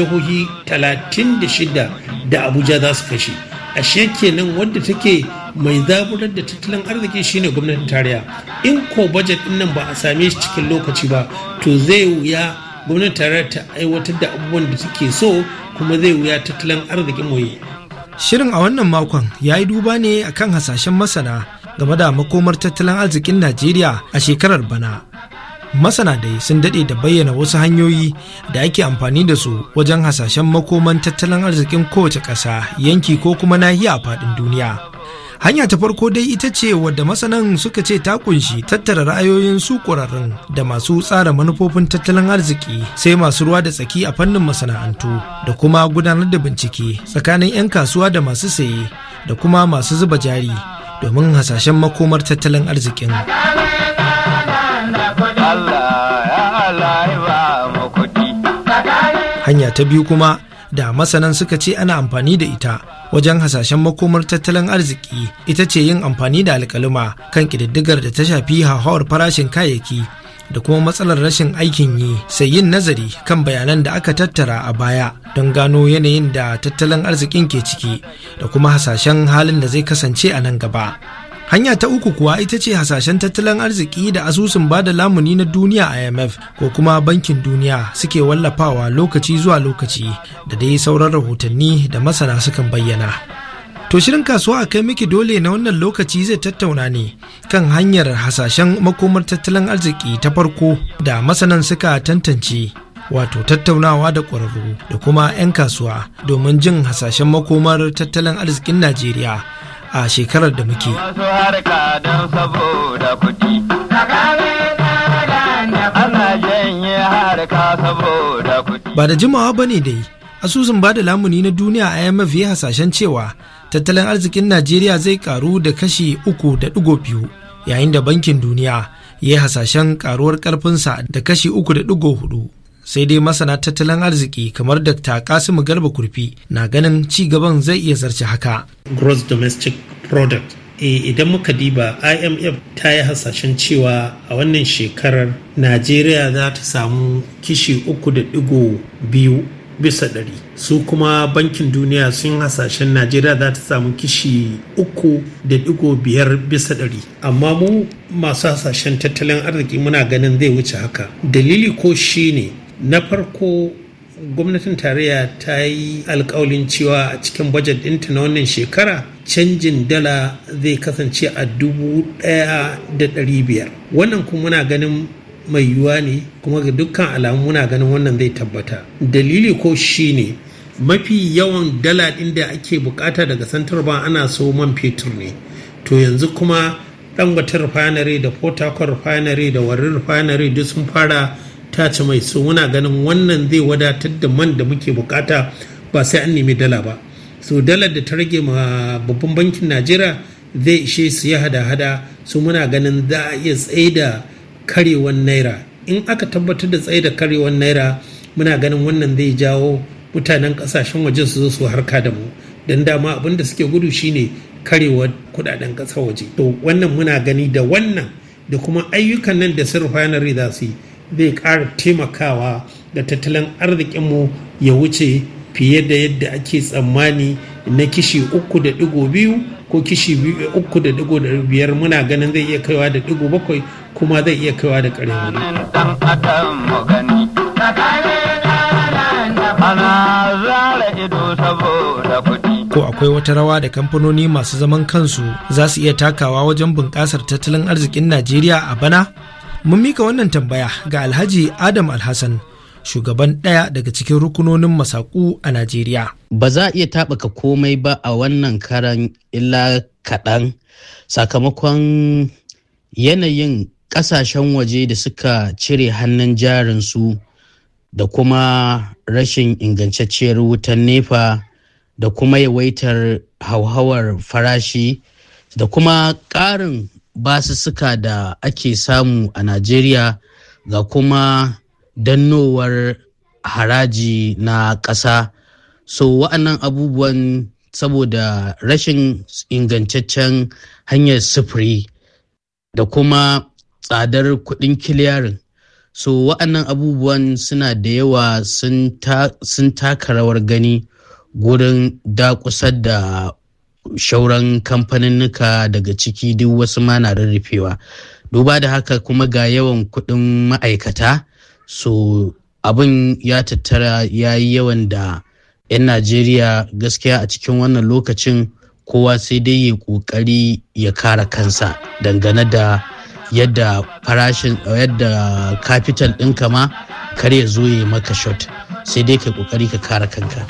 jihohi 36 da abuja za su kashe ashe kenan wadda take mai zaburar da tattalin arziki shine gwamnatin tarayya in ko bajet din nan ba a same shi cikin lokaci ba to zai wuya gwamnatin tarayya ta aiwatar da abubuwan da take so kuma zai wuya tattalin arzikin mu shirin a wannan makon ya yi duba ne akan hasashen masana game da makomar tattalin arzikin najeriya a shekarar bana masana dai sun dade da bayyana wasu hanyoyi da ake amfani da su wajen hasashen makoman tattalin arzikin kowace ƙasa yanki ko kuma nahiya a faɗin duniya hanya ta farko dai ita ce wadda masanan suka ce ta kunshi tattara ra'ayoyin su ƙwararrun da masu tsara manufofin tattalin arziki sai masu ruwa da tsaki a fannin masana'antu da kuma gudanar da bincike tsakanin 'yan kasuwa da masu saye da kuma masu zuba jari domin hasashen makomar tattalin arzikin. Hanya ta biyu kuma da masanan suka ce ana amfani da ita wajen hasashen makomar tattalin arziki ita ce yin amfani da alkaluma kan ƙididdigar da ta shafi hauhawar farashin kayayyaki da kuma matsalar rashin aikin yi sai yin nazari kan bayanan da aka tattara a baya don gano yanayin da tattalin arzikin ke ciki da kuma hasashen halin da zai kasance a nan gaba. hanya ta uku kuwa ita ce hasashen tattalin arziki da asusun ba da lamuni na duniya imf ko kuma bankin duniya suke wallafawa lokaci zuwa lokaci da dai sauran rahotanni da masana sukan bayyana To shirin kasuwa a kai miki dole na wannan lokaci zai tattauna ne kan hanyar hasashen makomar tattalin arziki ta farko da masanan suka tantance wato tattaunawa da ƙwararru da kuma 'yan kasuwa domin jin hasashen makomar tattalin arzikin Najeriya a shekarar da muke ba da jimawa ba ne dai asusun ba da lamuni na duniya a imf ya hasashen cewa tattalin arzikin najeriya zai karu da kashi uku da yayin da bankin duniya ya hasashen karuwar karfinsa da kashi uku sai dai masana tattalin arziki kamar dr kasimu garba kurfi na ganin ci gaban zai iya zarce haka gross domestic product eh, idan muka diba imf ta yi hasashen cewa a wannan shekarar najeriya za ta samu kishi uku da digo biyu bisa ɗari su kuma bankin duniya sun hasashen najeriya za ta samu kishi uku da digo biyar bisa ɗari amma mu masu hasashen tattalin arziki muna ganin zai wuce haka dalili ko shi ne na farko gwamnatin tarayya ta yi alkawalin cewa a cikin bajet dinta na wannan shekara canjin dala zai kasance a dubu ɗaya da ɗari biyar wannan kuma muna ganin mai yiwuwa ne kuma ga dukkan alamu muna ganin wannan zai tabbata dalili ko shi ne mafi yawan dala ɗin da ake bukata daga santar ba ana so man fetur ne to yanzu kuma dangote refinery da port harcourt da warri refinery duk sun fara ta ci mai so muna ganin wannan zai wadatar da man da muke bukata ba sai an nemi dala ba so dala da ta rage ma babban bankin najeriya zai ishe su ya hada-hada su muna ganin za a iya tsaye da karewan naira in aka tabbatar da tsaye da karewan naira muna ganin wannan zai jawo mutanen kasashen waje su zo su harka da mu don dama abin da suke gudu shine karewar kudaden kasar waje to wannan muna gani da wannan da kuma ayyukan nan da sun yanar za su yi zai ƙara taimakawa da tattalin arzikinmu ya wuce fiye da yadda ake tsammani na kishi uku da digo biyu ko kishi uku da digo da biyar muna ganin zai iya kaiwa da digo bakwai kuma zai iya kaiwa da ƙarfi. Ko akwai wata rawa da kamfanoni masu zaman kansu za su iya takawa wajen bunƙasar tattalin arzikin Najeriya a bana? mun mika wannan tambaya ga alhaji adam alhassan shugaban ɗaya daga cikin rukunonin masaƙu a najeriya ba za a iya taɓaka komai ba a wannan karan illa kaɗan sakamakon yanayin ƙasashen waje da suka cire hannun jarinsu da kuma rashin ingantacciyar wutan nefa da kuma yawaitar hauhawar farashi da kuma ƙarin basussuka da ake samu a Najeriya ga kuma dannowar haraji na ƙasa. So wa'annan abubuwan saboda rashin ingantaccen hanyar sufuri da kuma tsadar kuɗin kiliyarin. So wa'annan abubuwan suna da yawa sun taka rawar gani gurin dakusar da shauran nuka daga ciki duk wasu ma na rarrafewa duba da haka kuma ga yawan kuɗin ma'aikata so abin ya tattara ya yi yawan da 'yan najeriya gaskiya a cikin wannan lokacin kowa sai dai ya ƙoƙari ya kara kansa dangane da yadda farashin yadda capital ɗinka ma kar ya zo ya maka shot sai dai ka ƙoƙari ka kara kanka.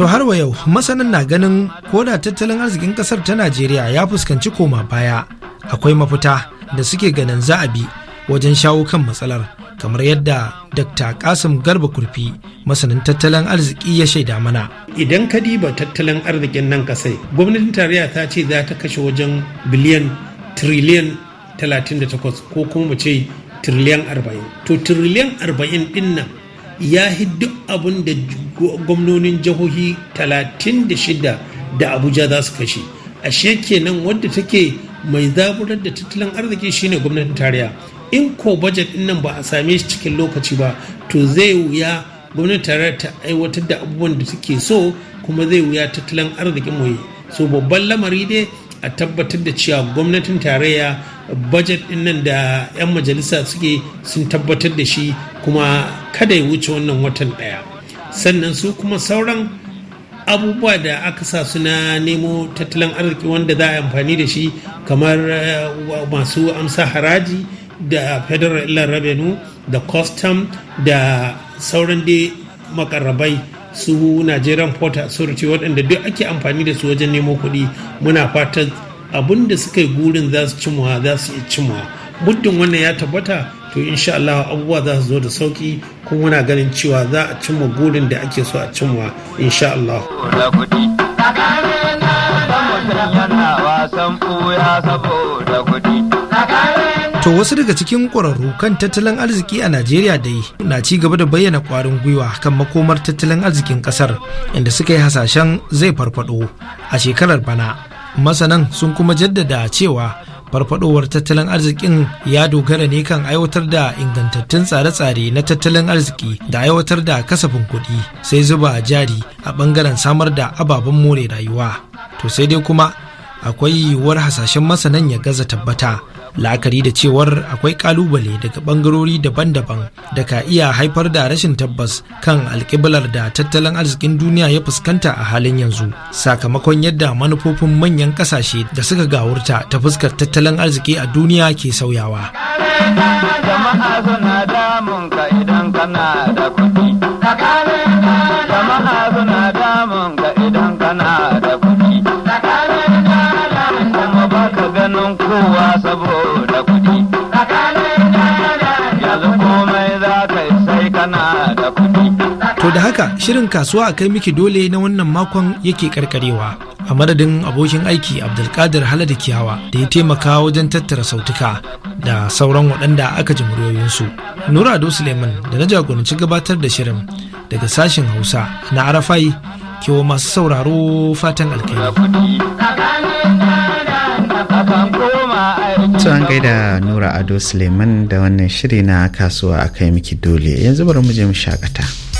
To har wa yau masanin na ganin koda tattalin arzikin kasar ta Najeriya ya fuskanci koma baya akwai mafita da suke ganin za a bi wajen shawo kan matsalar kamar yadda Dr. Kasim Garba Kurfi masanin tattalin arziki ya shaida mana. Idan ka diba tattalin arzikin nan kasai gwamnatin tarayya ta ce za ta kashe wajen biliyan triliyan 38 ko kuma mu ce tiriliyan arba'in to tiriliyan arba'in din nan ya yi duk abin da gwamnonin jihohi talatin da shida da abuja za su kashe ashe kenan wadda take mai zaburar da tattalin arziki shine gwamnatin tarayya in ko bajet din nan ba a same shi cikin lokaci ba to zai wuya gwamnatin tarayya ta aiwatar da abubuwan da take so kuma zai wuya tattalin arzikin mu so babban lamari dai a tabbatar da cewa gwamnatin tarayya budget din nan da 'yan majalisa suke sun tabbatar da shi kuma kada ya wuce wannan watan daya sannan su kuma sauran abubuwa da aka sa suna nemo tattalin arziki wanda za a amfani da shi kamar eh, masu amsa haraji da federal revenue da custom da sauran dai makarrabai su nigerian port authority waɗanda duk ake amfani da su wajen nemo kuɗi muna fatan abin da suka yi gurin za su cimuwa za su iya cimuwa muddin wannan ya tabbata to insha Allah abubuwa za su zo da sauki kuma muna ganin cewa za a cimma gurin da ake so a cimma insha Allah. saboda To wasu daga cikin ƙwararru kan tattalin arziki a Najeriya dai na ci gaba da bayyana ƙwarin gwiwa kan makomar tattalin arzikin ƙasar inda suka yi hasashen zai farfado a shekarar bana. Masanan sun kuma jaddada cewa farfadowar tattalin arzikin ya dogara ne kan aiwatar da ingantattun tsare-tsare na tattalin arziki da aiwatar da kasafin kuɗi sai zuba jari a ɓangaren samar da ababen more rayuwa to sai dai kuma akwai yiwuwar hasashen masanan ya gaza tabbata la'akari da cewar akwai kalubale daga bangarori daban-daban da ka iya haifar da rashin tabbas kan alkiblar da tattalin arzikin duniya ya fuskanta a halin yanzu sakamakon yadda manufofin manyan kasashe da suka gawurta ta fuskar tattalin arziki a duniya ke sauyawa. Jama'a suna ka idan kana da To da haka shirin kasuwa a kai miki dole na wannan makon yake karkarewa. A madadin abokin aiki Abdulkadir Halada Kiyawa da ya taimaka wajen tattara sautuka da sauran waɗanda aka ji muryoyinsu. Nura Ado Suleiman da na jagoranci gabatar da shirin daga sashen Hausa na Arafai kewa masu sauraro fatan alkai. an gaida Nura Ado Suleiman da wannan shiri na kasuwa a kai miki dole yanzu bari mu je mu shakata.